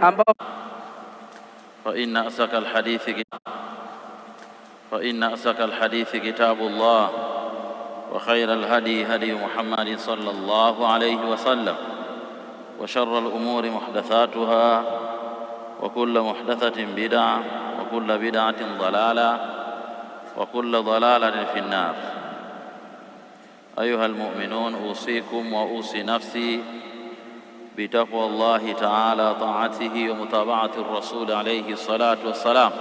ambao فإن أصدق الحديث فإن أصدق الحديث كتاب الله وخير الهدي هدي محمد صلى الله عليه وسلم وشر الأمور محدثاتها وكل محدثة بدعة وكل بدعة ضلالة وكل ضلالة في النار أيها المؤمنون أوصيكم وأوصي نفسي بتقوى الله تعالى طاعته ومتابعة الرسول عليه الصلاة والسلام.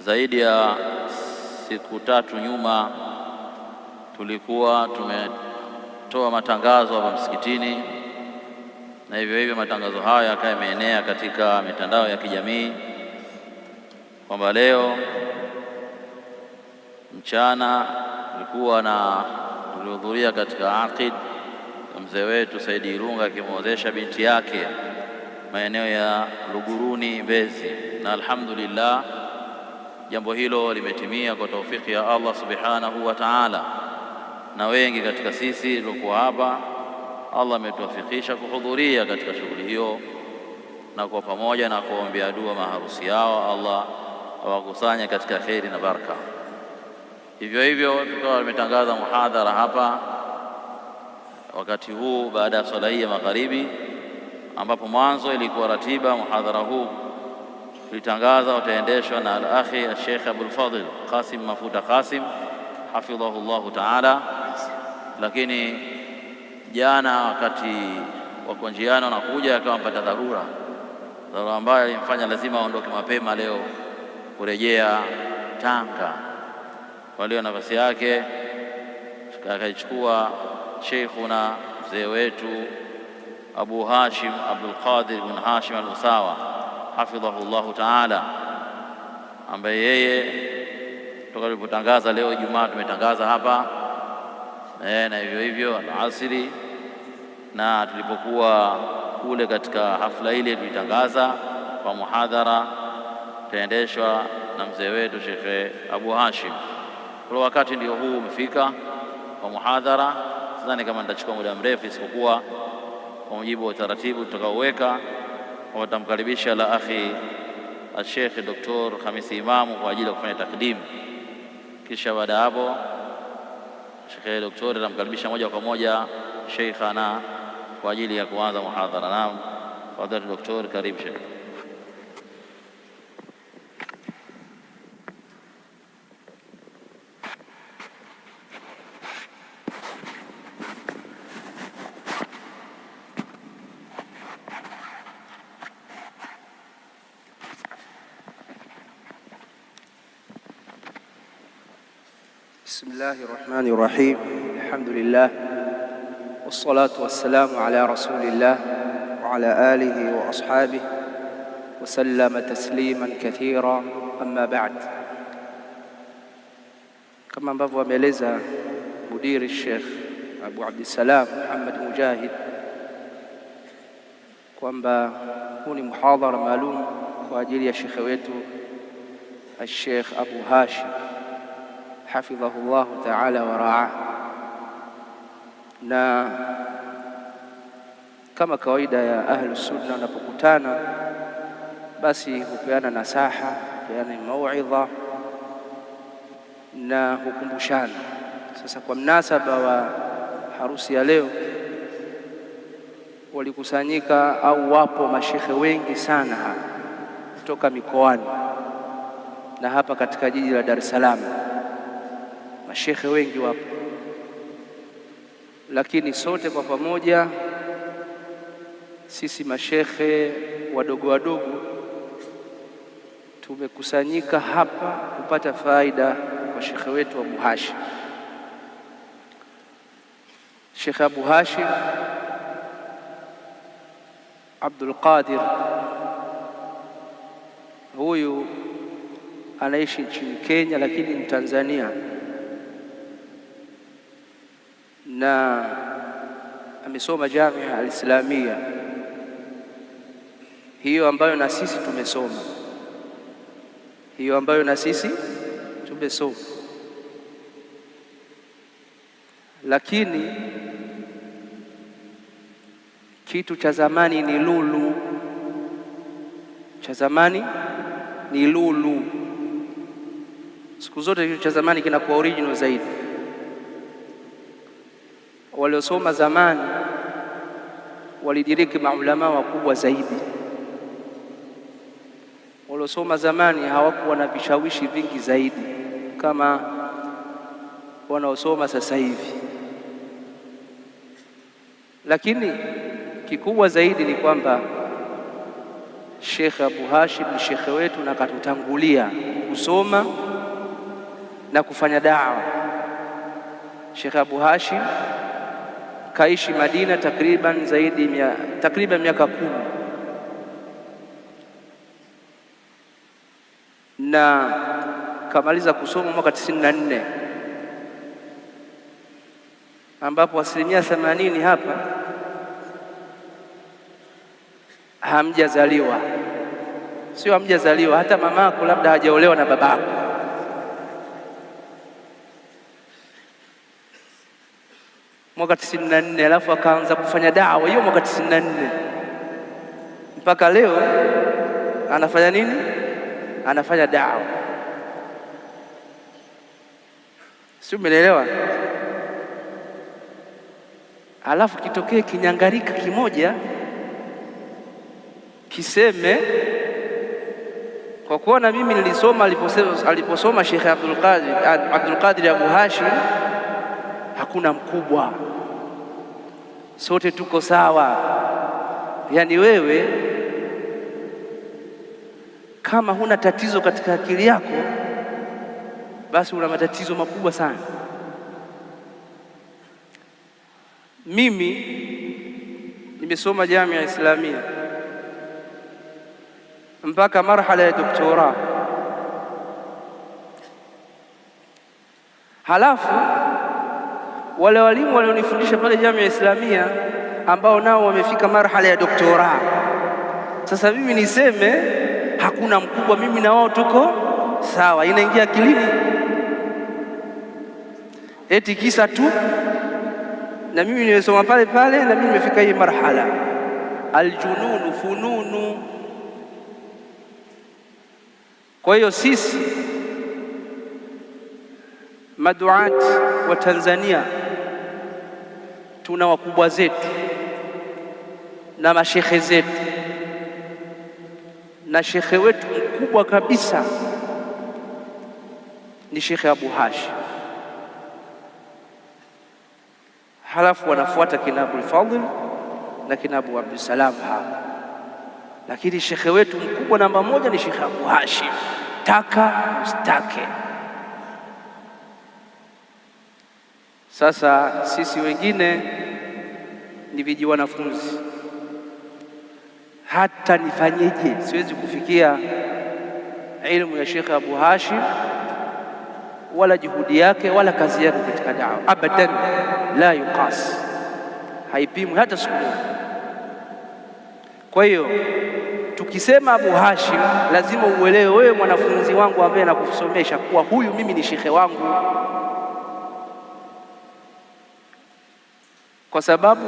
Zaidi ya siku tatu nyuma tulikuwa tumetoa matangazo hapa msikitini, na hivyo hivyo matangazo haya yakawa yameenea katika mitandao ya kijamii kwamba leo mchana tulikuwa na tulihudhuria katika aqid mzee wetu Saidi Ilunga akimwozesha binti yake maeneo ya Luguruni Mbezi, na alhamdulillah jambo hilo limetimia kwa taufiki ya Allah subhanahu wa ta'ala, na wengi katika sisi tuliokuwa hapa Allah ametuwafikisha kuhudhuria katika shughuli hiyo na kwa pamoja na kuombea dua maharusi yao, Allah awakusanye katika kheri na baraka. Hivyo hivyo tukawa tumetangaza muhadhara hapa wakati huu baada ya swala hii ya magharibi, ambapo mwanzo ilikuwa ratiba muhadhara huu tulitangaza utaendeshwa na al-akhi al-Sheikh Abul Fadhil Qasim Mafuta Qasim hafidhahu llahu taala, lakini jana wakati wako njiani wanakuja, akawa mpata dharura, dharura ambayo ilimfanya lazima aondoke mapema leo kurejea Tanga. Kwa nafasi yake akaichukua sheikhuna mzee wetu Abu Hashim Abdul Qadir bin Hashim al-Usawa hafidhahu llahu taala, ambaye yeye toka tulipotangaza leo Ijumaa tumetangaza hapa e, na hivyo hivyo alasiri, na tulipokuwa kule katika hafla ile tulitangaza kwa muhadhara utaendeshwa na mzee wetu Shekhe Abu Hashim. Kwa wakati ndio huu umefika kwa muhadhara sidhani kama nitachukua muda mrefu, isipokuwa kwa mujibu wa utaratibu tutakaoweka kwamba tutamkaribisha la akhi Sheikh Dr. Hamisi Imamu kwa ajili ya kufanya takdimu, kisha baada hapo Shekhe Dr. atamkaribisha moja kwa moja ana kwa ajili ya kuanza muhadhara. Naam, fadhila Dr. karibu Sheikh. بسم الله الرحمن الرحيم الحمد لله والصلاة والسلام على رسول الله وعلى آله وأصحابه وسلم تسليما كثيرا أما بعد كما بفوا ميليزا مدير الشيخ أبو عبد السلام محمد مجاهد كما هوني محاضر مالوم وأجيل يا شيخ الشيخ أبو هاشم hafidhahu llahu taala waraa. Na kama kawaida ya ahlu sunna wanapokutana, basi hupeana nasaha, hupeana mauidha na hukumbushana. Sasa kwa mnasaba wa harusi ya leo walikusanyika au wapo mashehe wengi sana hapa kutoka mikoani na hapa katika jiji la Dar es Salaam mashehe wengi wapo, lakini sote kwa pamoja sisi mashehe wadogo wadogo tumekusanyika hapa kupata faida kwa shekhe wetu Abu Hashim. Shekhe Abu Hashim Abdul Qadir huyu anaishi nchini Kenya, lakini ni Tanzania na amesoma Jamia Alislamia hiyo ambayo na sisi tumesoma, hiyo ambayo na sisi tumesoma, lakini kitu cha zamani ni lulu, cha zamani ni lulu. Siku zote kitu cha zamani kinakuwa original zaidi waliosoma zamani walidiriki maulamaa wakubwa zaidi. Waliosoma zamani hawakuwa na vishawishi vingi zaidi kama wanaosoma sasa hivi, lakini kikubwa zaidi ni kwamba Shekhe Abu Hashim ni shekhe wetu na katutangulia kusoma na kufanya dawa. Shekhe Abu Hashim akaishi Madina takriban zaidi ya takriban miaka kumi na kamaliza kusoma mwaka 94 ambapo asilimia 80 hapa hamjazaliwa, sio hamjazaliwa, hata mamako labda hajaolewa na babako mwaka 94 na alafu akaanza kufanya dawa hiyo mwaka 94 na mpaka leo anafanya nini? Anafanya dawa, si umeelewa? Alafu kitokee kinyangarika kimoja kiseme kwa kuona mimi nilisoma aliposoma Sheikh Abdul Qadir Abdul Qadir Abu Hashim hakuna mkubwa, sote tuko sawa. Yaani wewe kama huna tatizo katika akili yako, basi una matatizo makubwa sana. Mimi nimesoma Jamia Islamia mpaka marhala ya doktora halafu wale walimu walionifundisha pale ya Islamia ambao nao wamefika marhala ya doktora. Sasa mimi niseme hakuna mkubwa, mimi na wao tuko sawa, inaingia akilini? Eti kisa tu na mimi nimesoma pale pale, na mimi nimefika hii marhala. Aljununu fununu. Kwa hiyo sisi maduati wa Tanzania tuna wakubwa zetu na mashekhe zetu, na shekhe wetu mkubwa kabisa ni Shekhe Abu Hashim, halafu wanafuata kina Abul Fadhl na kina Abu Abdussalam hapa, lakini shekhe wetu mkubwa namba moja ni Shekhe Abu Hashim, taka mstake Sasa sisi wengine ni viji wanafunzi, hata nifanyeje, siwezi kufikia ilmu ya Sheikh Abu Hashim wala juhudi yake wala kazi yake katika dawa, abadan la yuqas, haipimwi hata siku moja. Kwa hiyo tukisema Abu Hashim, lazima uelewe wewe mwanafunzi wangu ambaye nakusomesha kuwa huyu mimi ni shekhe wangu kwa sababu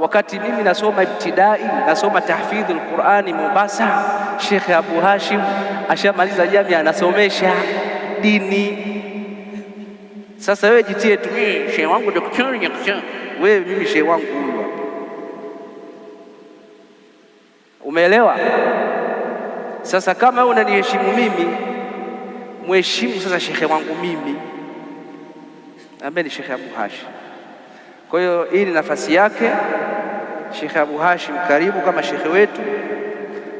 wakati mimi nasoma ibtidai, nasoma tahfidhul Qurani Mombasa, Sheikh Abu Hashim ashamaliza jamia, anasomesha dini. Sasa wewe jitie tu, mimi shehe wangu daktari, wewe mimi shehe wangu huyu, umeelewa? Sasa kama wewe unaniheshimu mimi, mheshimu sasa shekhe wangu mimi ambaye ni shekhe Abu Hashim. Kwa hiyo hii ni nafasi yake Sheikh Abu Hashim, karibu kama shekhe wetu.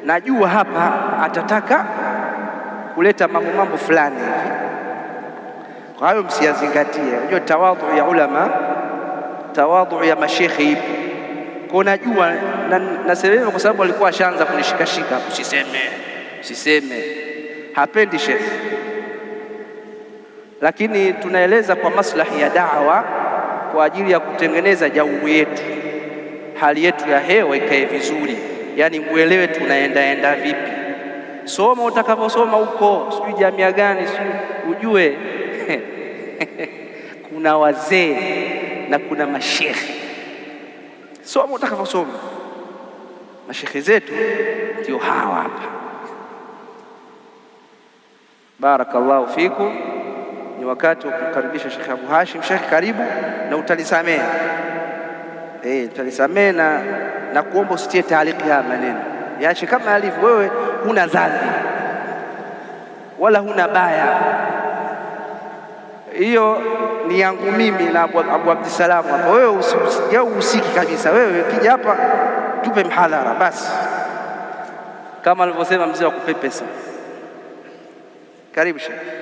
Najua hapa atataka kuleta mambo mambo fulani hivi, kwa hiyo msiyazingatie. Unajua tawadhu ya ulama, tawadhu ya mashekhe ipo kwa najua nasema na kwa sababu alikuwa ashaanza kunishikashika, usiseme usiseme, hapendi shekhe, lakini tunaeleza kwa maslahi ya dawa kwa ajili ya kutengeneza jawu yetu, hali yetu ya hewa ikae vizuri, yaani muelewe tunaendaenda vipi. Soma utakavyosoma huko, sijui jamia gani, sijui ujue kuna wazee na kuna mashehe. Soma utakavyosoma, mashehe zetu ndio hawa hapa. Barakallahu fikum ni wakati wa kukaribisha Sheikh Abu Hashim. Sheikh, karibu na utalisamee eh, utalisamee na, na kuomba usitie taaliki haya maneno, yaache kama alivyo. Wewe huna dhambi wala huna baya, hiyo ni yangu mimi na Abu Abdissalam hapa. Wewe uhusiki kabisa, wewe kija hapa tupe mhadhara basi, kama alivyosema mzee wa kupepesa. Karibu Sheikh.